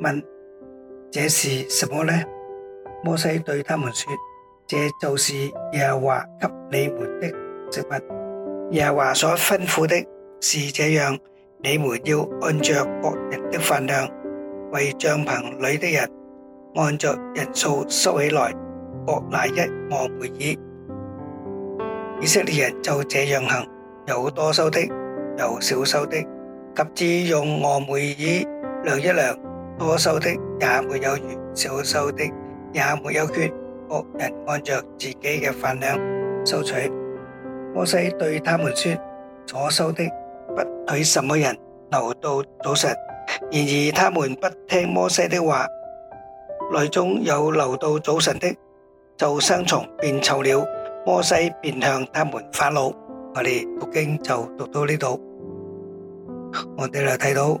問這是什麼呢？摩西對他們說：這就是耶和華給你們的食物。耶和華所吩咐的是這樣：你們要按着各人的份量，為帳篷裏的人按着人數收起來，各拿一俄梅珥。以色列人就這樣行，有多收的，有少收的，及至用俄梅珥量一量。多收的也沒有餘，少收的也沒有缺。各人按着自己嘅飯量收取。摩西對他們說：所收的不許什麼人留到早晨。然而他們不聽摩西的話，內中有留到早晨的就生蟲變臭了。摩西便向他們發怒。我哋讀經就讀到呢度，我哋就睇到。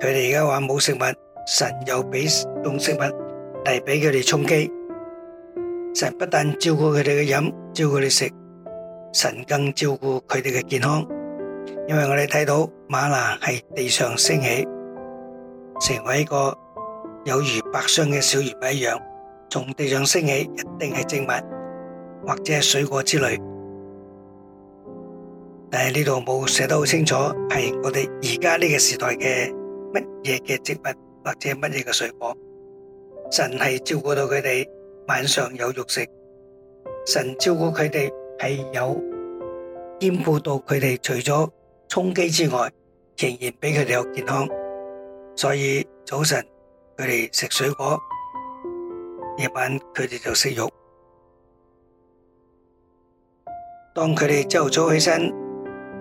佢哋而家話冇食物，神又俾種食物嚟俾佢哋充饑。神不但照顧佢哋嘅飲，照顧佢哋食，神更照顧佢哋嘅健康。因為我哋睇到嗎哪係地上升起，成為一個有如白霜嘅小圓物一樣，從地上升起，一定係植物或者係水果之類。但係呢度冇寫得好清楚，係我哋而家呢個時代嘅。乜嘢嘅植物或者乜嘢嘅水果，神係照顧到佢哋晚上有肉食，神照顧佢哋係有兼顧到佢哋除咗充饑之外，仍然俾佢哋有健康。所以早晨佢哋食水果，夜晚佢哋就食肉。當佢哋朝早起身。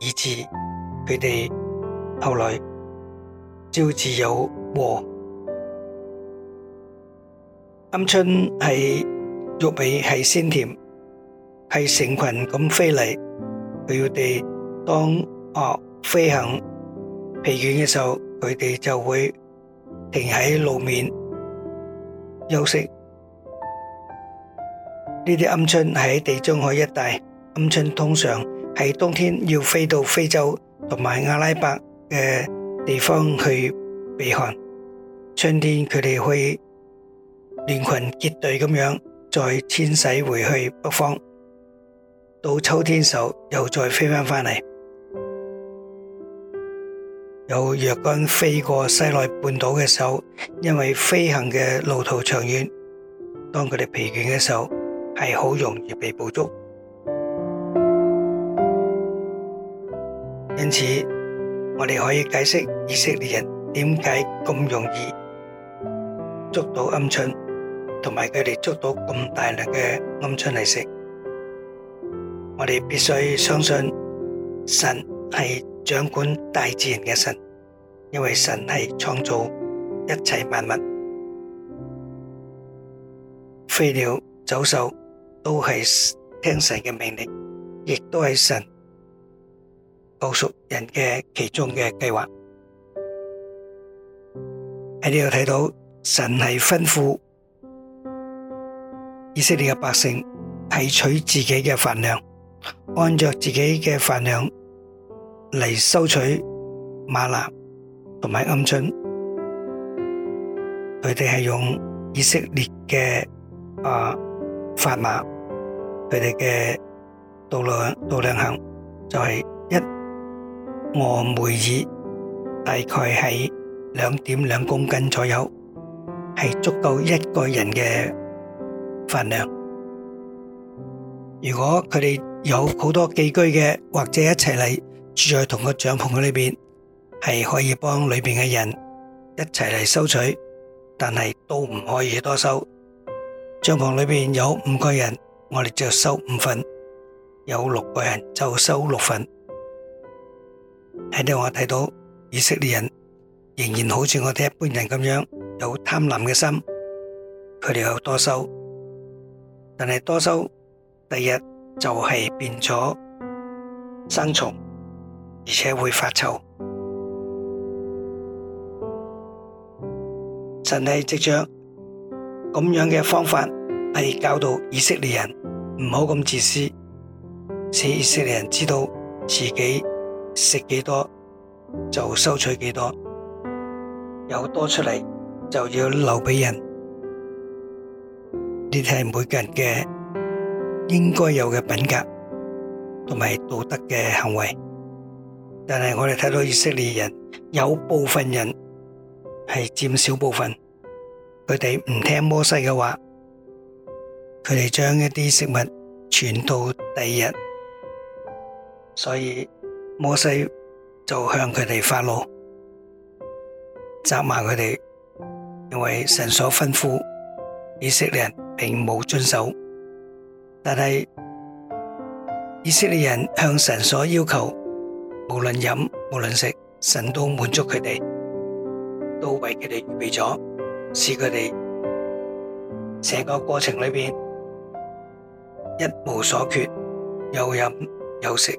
以致佢哋後來招致有禍。鵪鶉係肉味係鮮甜，係成群咁飛嚟。佢哋當鵪飛行疲倦嘅時候，佢哋就會停喺路面休息。呢啲鵪鶉喺地中海一帶，鵪鶉通常。喺冬天要飛到非洲同埋阿拉伯嘅地方去避寒，春天佢哋會聯群結隊咁樣再遷徙回去北方，到秋天時候又再飛返返嚟。有若干飛過西奈半島嘅時候，因為飛行嘅路途長遠，當佢哋疲倦嘅時候，係好容易被捕捉。因此，我哋可以解釋以色列人點解咁容易捉到鵪鶉，同埋佢哋捉到咁大量嘅鵪鶉嚟食。我哋必須相信神係掌管大自然嘅神，因為神係創造一切萬物，飛鳥、走獸都係聽神嘅命令，亦都係神。救贖人嘅其中嘅計劃，喺呢度睇到神係吩咐以色列嘅百姓提取自己嘅飯量，按着自己嘅飯量嚟收取馬蘭同埋鵪鶉。佢哋係用以色列嘅啊法馬，佢哋嘅道路道路行就係。俄梅爾大概係兩點兩公斤左右，係足夠一個人嘅份量。如果佢哋有好多寄居嘅，或者一齊嚟住喺同個帳篷裏邊，係可以幫裏邊嘅人一齊嚟收取，但係都唔可以多收。帳篷裏邊有五個人，我哋就收五份；有六個人就收六份。喺呢度我睇到以色列人仍然好似我哋一般人咁樣有貪婪嘅心，佢哋有多收，但係多收第二日就係變咗生蟲，而且會發臭。神係即將咁樣嘅方法係教導以色列人唔好咁自私，使以色列人知道自己。食幾多就收取幾多，有多出嚟就要留俾人。呢啲係每個人嘅應該有嘅品格同埋道德嘅行為。但係我哋睇到以色列人有部分人係佔少部分，佢哋唔聽摩西嘅話，佢哋將一啲食物存到第二日，所以。摩西就向佢哋發怒，責罵佢哋，因為神所吩咐以色列人並冇遵守。但係以色列人向神所要求，無論飲無論食，神都滿足佢哋，都為佢哋預備咗，使佢哋整個過程裏面一無所缺，又飲又食。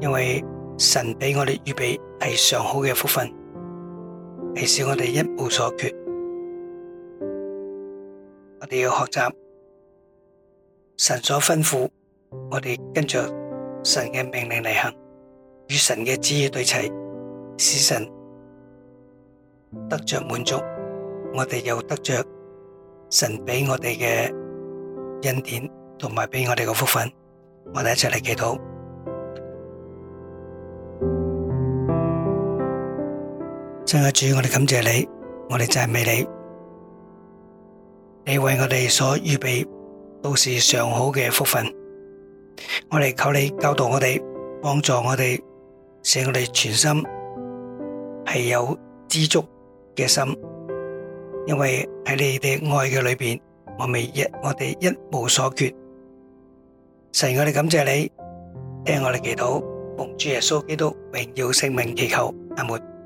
因為神俾我哋預備係上好嘅福分，係使我哋一無所缺，我哋要學習神所吩咐，我哋跟着神嘅命令嚟行，與神嘅旨意對齊，使神得着滿足，我哋又得着神俾我哋嘅恩典同埋俾我哋嘅福分，我哋一齊嚟祈禱。親愛嘅主，我哋感謝你，我哋讚美你，你為我哋所預備都是上好嘅福分。我哋求你教導我哋，幫助我哋，使我哋全心係有知足嘅心，因為喺你哋愛嘅裏面，我哋一我哋一無所缺。神，我哋感謝你，聽我哋祈禱，奉主耶穌基督榮耀聖名祈求，阿門。